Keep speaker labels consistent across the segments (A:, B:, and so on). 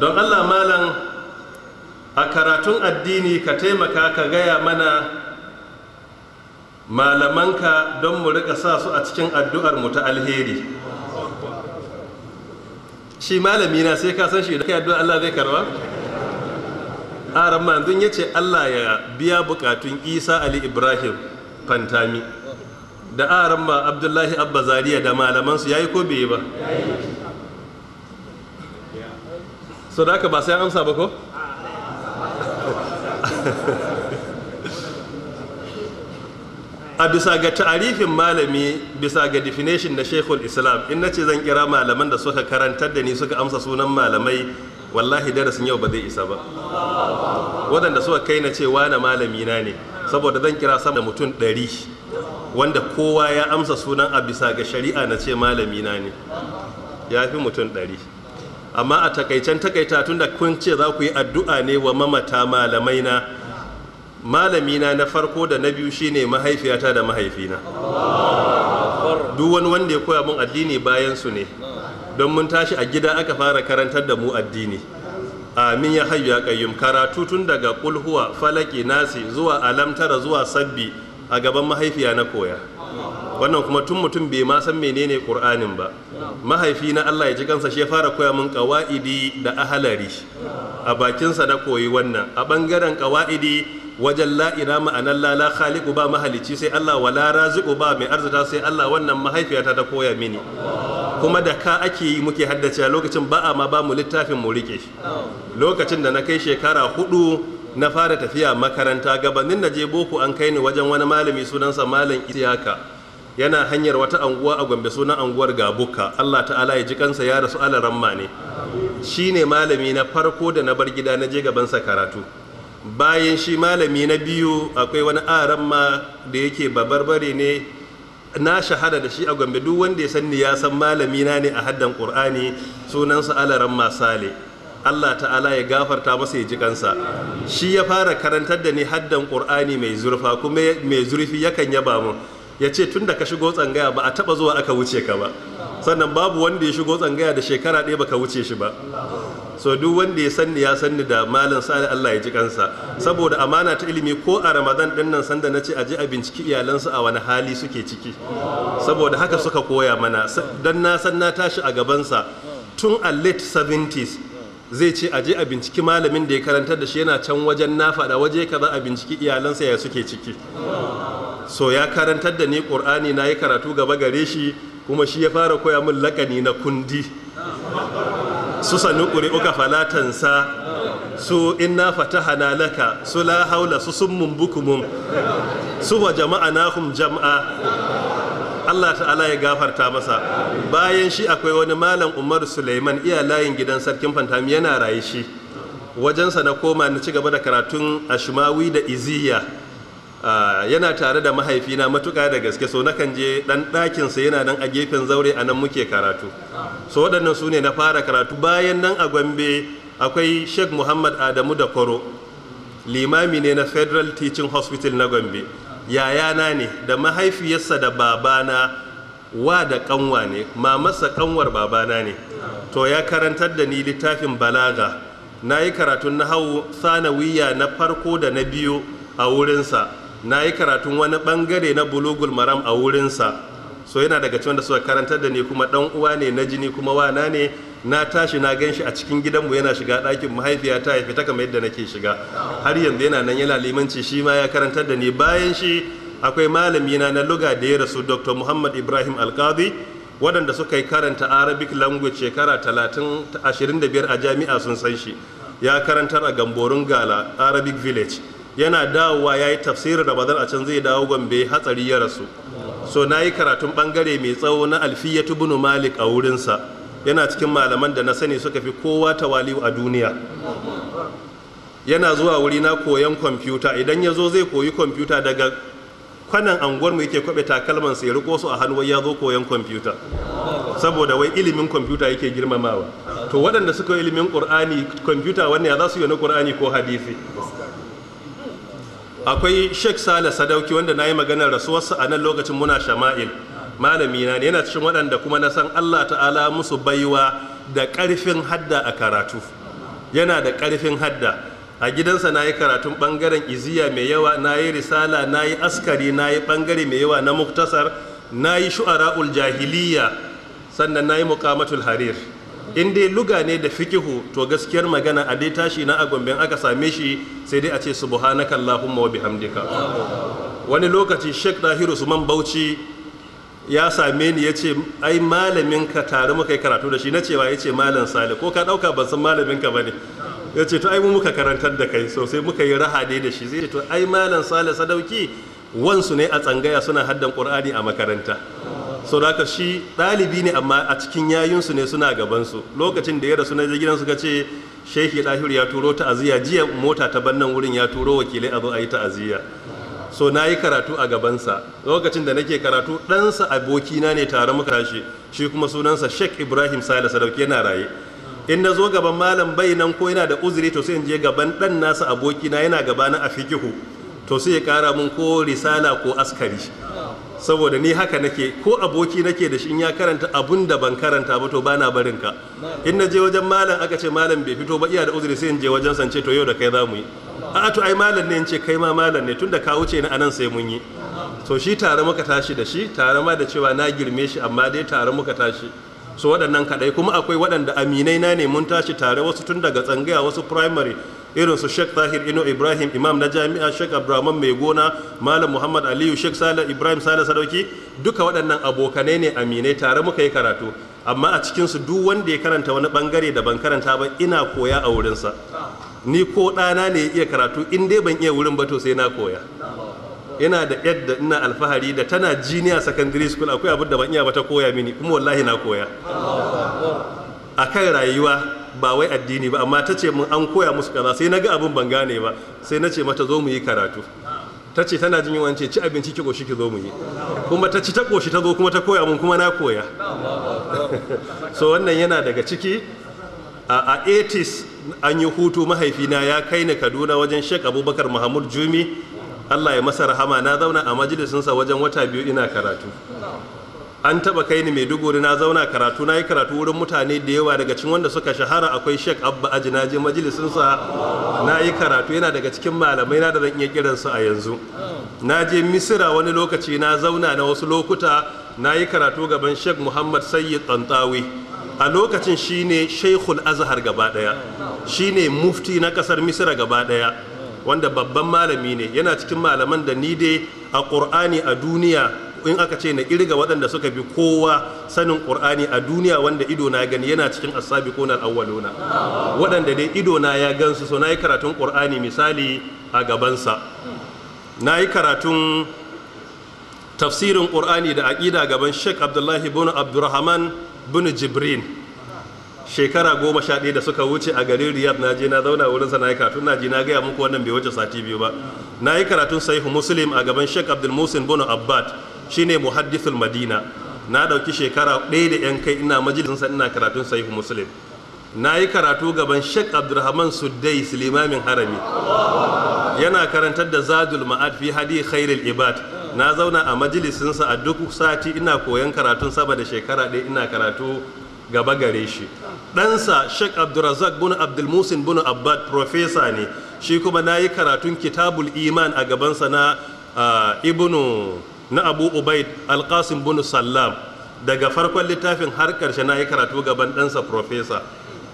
A: don allah malam a karatun addini ka taimaka ka gaya mana malamanka don mu rika sa su a cikin addu'ar mu ta alheri shi malami na sai ka san shi da kai addu'a Allah zai karba aran ya yace Allah ya biya bukatun Isa Ali Ibrahim Fantami da a Abdullahi Abba Zariya da malamansu su yayi ko bai ba so da ka ba sai amsa ba ko a bisa ga ta'arifin malami bisa ga definition na shekul islam in na ce zan kira malaman da suka karantar da ni suka amsa sunan malamai wallahi darasin yau ba zai isa ba waɗanda suka kai na cewa na malami na ne saboda zan kira sama da mutum ɗari wanda kowa ya amsa sunan a bisa ga shari'a na ce malami na ne ya fi mutum ɗari amma a takaicen takaita tun da kun ce za ku yi addu'a ne wa mamata malamai na malamina na farko da na biyu shine mahaifiyata da mahaifina duk wani wanda ya koya mun addini bayan su ne don mun tashi a gida aka fara karantar da mu addini amin ya hayu ya kayyum karatu tun daga kulhuwa falaki nasi zuwa alamtara zuwa sabbi a gaban mahaifiya na koya wannan kuma tun mutum bai ma san menene qur'anin ba mahaifi na Allah ya ji kansa shi ya fara koya min qawaidi da ahalari a bakinsa na koyi wannan a bangaren qawaidi wajen la'ira ma'anar lala khaliqu ba mahalici sai Allah wala raziqu ba mai arzuta sai Allah wannan mahaifiyata ta koya mini kuma da ka ake yi muke haddace lokacin ba a ma ba mu littafin mu rike lokacin da na kai shekara hudu na fara tafiya makaranta gabanin na je boko an kai ni wajen wani malami sunansa malam isiyaka yana hanyar wata anguwa a gombe suna anguwar gabuka allah ta'ala ya ji kansa ya rasu ala ramma ne shi ne malami na farko da na bar gida na je gabansa karatu bayan shi malami na biyu akwai wani aramma da yake babarbare ne na shahada da shi a gombe duk wanda ya sanni ya san malami na ne a haddan qur'ani sunansa alaran masale Allah ta'ala ya gafarta masa ya ji kansa shi ya fara karantar da ni haddan qur'ani mai zurfa kuma mai zurfi yakan yaba mu ya ce tun da ka shigo tsangaya ba a taba zuwa aka wuce ka ba sannan babu wanda ya shigo tsangaya da shekara ɗaya ka wuce shi ba so duk wanda ya sanni ya sanni da malam sani Allah ya ji kansa saboda amana ta ilimi ko a ramadan ɗin nan sanda na ce a je a binciki iyalansu a wani hali suke ciki saboda haka suka koya mana don na san na tashi a gabansa tun a late 70s zai ce aje a binciki malamin da ya karantar da shi yana can wajen na faɗa waje za a binciki iyalansa ya suke ciki so ya karantar da ni ƙur'ani na yi karatu gaba gare shi kuma shi ya fara koya min lakani na kundi su sanu ƙuri uka falatansa su in fataha na laka su la haula su sun mumbukumun su wa jama'a na hum jama'a Allah ta'ala ya gafarta masa bayan shi akwai wani malam Umar Suleiman iya layin gidan sarkin Fantami yana raye shi wajensa na koma na ci gaba da karatun ashimawi da Iziya Ah, yana tare da mahaifina matuka da gaske so nakan je ɗan ɗakinsa yana nan a gefen zaure a nan muke karatu so waɗannan su ne na fara karatu bayan nan a gombe akwai sheikh muhammad adamu da koro limami ne na federal teaching hospital na gombe yayana ne da mahaifiyarsa da babana wa da kanwa ne mamarsa kanwar babana ne to ya karantar da ni littafin balaga na yi karatun na hau sanawiya na farko da na biyu a wurinsa na yi karatun wani bangare na bulugul maram a wurinsa so yana daga cikin da suka karantar da ni kuma dan uwa ne na jini kuma wana ne na tashi na ganshi a cikin gidanmu yana shiga ɗakin mahaifiya ta haifi ta kamar yadda nake shiga har yanzu yana nan yana limanci shi ma ya karantar da ni bayan shi akwai malami na na luga da ya rasu dr muhammad ibrahim alkazi waɗanda suka yi karanta arabic language shekara 25 a jami'a sun san shi ya karantar a gamborin gala arabic village yana dawowa ya yi tafsirin ramadan a can zai dawo gombe hatsari ya rasu so na yi karatun bangare mai tsawo na alfiyatu bunu malik a wurinsa yana cikin malaman da na sani suka fi kowa ta tawali'u a duniya yana zuwa wuri na koyan kwamfuta idan ya zo zai koyi kwamfuta daga kwanan anguwar mu yake kwabe takalman sai riko su a hannu ya zo koyon kwamfuta saboda wai ilimin kwamfuta yake girmamawa to waɗanda suka yi ilimin ƙur'ani kwamfuta wannan ya za su yi na ƙur'ani ko hadisi akwai sheikh sale sadauki wanda na yi maganar rasuwarsa a nan lokacin muna shama'il malami na ne yana cikin waɗanda kuma na san allah ta'ala musu baiwa da ƙarfin hadda a karatu yana da ƙarfin hadda a gidansa na yi karatun ɓangaren iziya mai yawa na yi risala na yi askari na yi ɓangare mai yawa na muktasar na yi shu'ara'ul jahiliya sannan na yi muƙamatul harir in dai luga ne da fikihu to gaskiyar magana a dai tashi na agwamben aka same shi sai dai a ce subhanaka allahumma wa bihamdika wani lokaci sheikh dahiru Man bauchi ya same ni ya ce ai malamin ka tare muka yi karatu da shi na cewa ya ce malam sale ko ka ɗauka ban san malamin ka ba ne ya ce to ai mu muka karantar da kai sosai muka yi raha dai da shi zai ce to ai malam sale sadauki wansu ne a tsangaya suna haddan qur'ani a makaranta sau da shi ɗalibi ne amma a cikin yayunsu ne suna gabansu lokacin da ya rasu na je gidan suka ce shehi ɗahiru ya turo ta'aziyya jiya mota ta bannan wurin ya turo wakilai a zo a yi ta'aziyya so na yi karatu a gabansa lokacin da nake karatu ɗansa abokina ne tare muka rashi shi kuma sunansa shek ibrahim sale sadauki yana raye in na zo gaban malam bai nan ko yana da uzuri to sai in je gaban ɗan nasa abokina yana gabana a fikihu to sai ya kara mun ko risala ko askari saboda ni haka nake ko aboki nake da shi in ya karanta abun da ban karanta ba to bana barin ka in na je wajen malam aka ce malam bai fito ba iya da uzuri sai in je wajen sance to yau da kai za mu yi a'a to ai malam ne in ce kai ma malam ne tunda ka wuce ni anan sai mun yi to shi tare muka tashi da shi tare ma da cewa na girme shi amma dai tare muka tashi so waɗannan kaɗai kuma akwai waɗanda aminai na ne mun tashi tare wasu tun daga tsangaya wasu primary irin su Sheikh Tahir Ino Ibrahim Imam na Jami'a Sheikh abraman Mai Gona Malam Muhammad Aliyu Sheikh Sale Ibrahim Sale Sadauki duka waɗannan abokanai ne aminai tare muka yi karatu amma a cikin su duk wanda ya karanta wani bangare da ban karanta ba ina koya a wurinsa ni ko ɗana ne ya iya karatu in dai ban iya wurin ba to sai na koya ina da yadda ina alfahari da tana jiniya secondary school akwai abin da ban iya ba ta koya mini kuma wallahi na koya a kan rayuwa ba wai addini ba amma ta ce mun an koya musu kaza sai na ga abin ban gane ba sai na ce mata zo mu yi karatu ta ce tana jin yawan ci abinci ki koshi ki zo mu yi kuma ta ci ta koshi ta zo kuma ta koya mun kuma na koya so wannan yana daga ciki a 80s an yi hutu mahaifina ya kai ni kaduna wajen shek abubakar muhammad jumi allah ya masa rahama na zauna a majalisinsa wajen wata biyu ina karatu an taba kai ni maiduguri na zauna karatu na yi karatu wurin mutane da yawa daga cikin wanda suka shahara akwai shek abba aji na je majalisinsa na yi karatu yana daga cikin malamai na da zan iya kiransu a yanzu na je misira wani lokaci na zauna na wasu lokuta na yi karatu gaban shek muhammad sayyid tantawi a lokacin shine sheikhul azhar gaba daya shine mufti na kasar misira gaba daya wanda babban malami ne yana cikin malaman da ni dai a ƙur'ani a duniya in aka ce na kirga waɗanda suka fi kowa sanin ƙur'ani a duniya wanda ido na gani yana cikin asabi ko na awwaluna waɗanda dai ido na ya gansu so na yi karatun ƙur'ani misali a gabansa na yi karatun tafsirin ƙur'ani da aƙida gaban sheik abdullahi bin abdurrahman bin jibrin shekara goma sha ɗaya da suka wuce a garin Riyad na je na zauna wurinsa na yi karatun na ji na gaya muku wannan bai wuce sati biyu ba na yi karatun sahihu muslim a gaban sheik abdulmusin bin abbad shine muhaddithul madina na ɗauki shekara ɗaya da yan kai ina majalisinsa ina karatun sahihu muslim na yi karatu gaban sheikh abdulrahman suddai limamin harami yana karantar da zadul ma'ad fi hadi khairul ibad na zauna a majalisinsa a duk sati ina koyon karatun saba da shekara ɗaya ina karatu gaba gare shi ɗansa sheikh abdulrazak bin abdulmusin bin abbad profesa ne shi kuma na yi karatun kitabul iman a gabansa na ah, ibnu na abu ubaid alkasim bin sallam daga farkon littafin har karshe na yi karatu gaban ɗansa profesa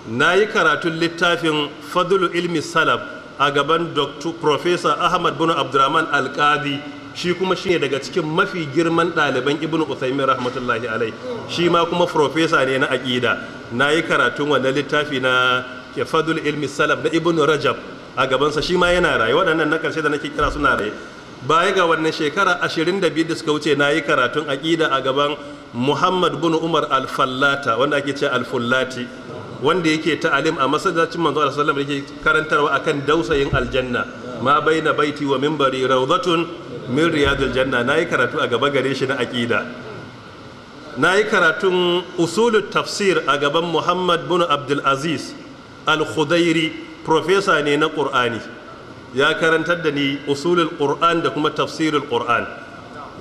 A: na yi karatun littafin fadlu ilmi salaf a gaban profesa ahmad bin abdurrahman alkadi shi kuma shine daga cikin mafi girman ɗaliban ibnu usaimin rahmatullahi alai shi ma kuma profesa ne na aƙida na yi karatun wannan littafi na ilmi salaf na ibnu rajab a gabansa shi ma yana raye waɗannan na karshe da nake kira suna raye baya ga wannan shekara 22 da suka wuce na yi karatun aƙida a gaban muhammad bin umar alfallata wanda ake ce alfullati wanda yake ta'alim a masallacin manzo Allah sallallahu da yake karantarwa akan dausayin aljanna ma na baiti wa minbari rawdatun min riyadil janna nayi karatu a gaba gare shi na na nayi karatun usulut tafsir a gaban Muhammad bin Abdul Aziz al-Khudairi ne na ƙur'ani ya karantar da ni usulul qur'an da kuma tafsirul qur'an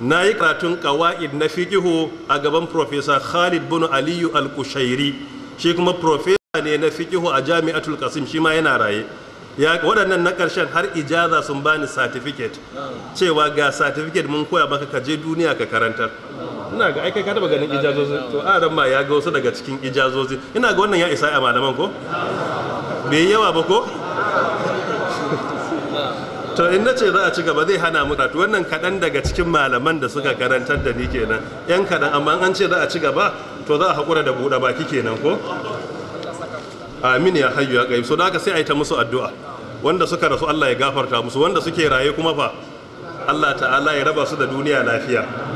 A: na yi karatun ƙawa'id na fiqihu a gaban profesa khalid bin aliyu al qushairi shi kuma profesa ne na fiqihu a jami'atul qasim shi ma yana raye ya waɗannan na karshen har ijaza sun bani certificate cewa ga certificate mun koya maka ka je duniya ka karantar ina ga aikai ka taba ganin ijazozi to ran ma ya ga wasu daga cikin ijazozi ina ga wannan ya isa a malaman ko bai yawa ba ko to in na ce za a ci gaba zai hana mu karatu wannan kaɗan daga cikin malaman da suka karantar da ni kenan yan kaɗan amma an ce za a ci gaba to za a haƙura da buɗe baki kenan ko amin ya hayyu ya gaib so da haka sai a ta musu addu'a wanda suka rasu Allah ya gafarta musu wanda suke raye kuma fa Allah ta'ala ya raba su da duniya lafiya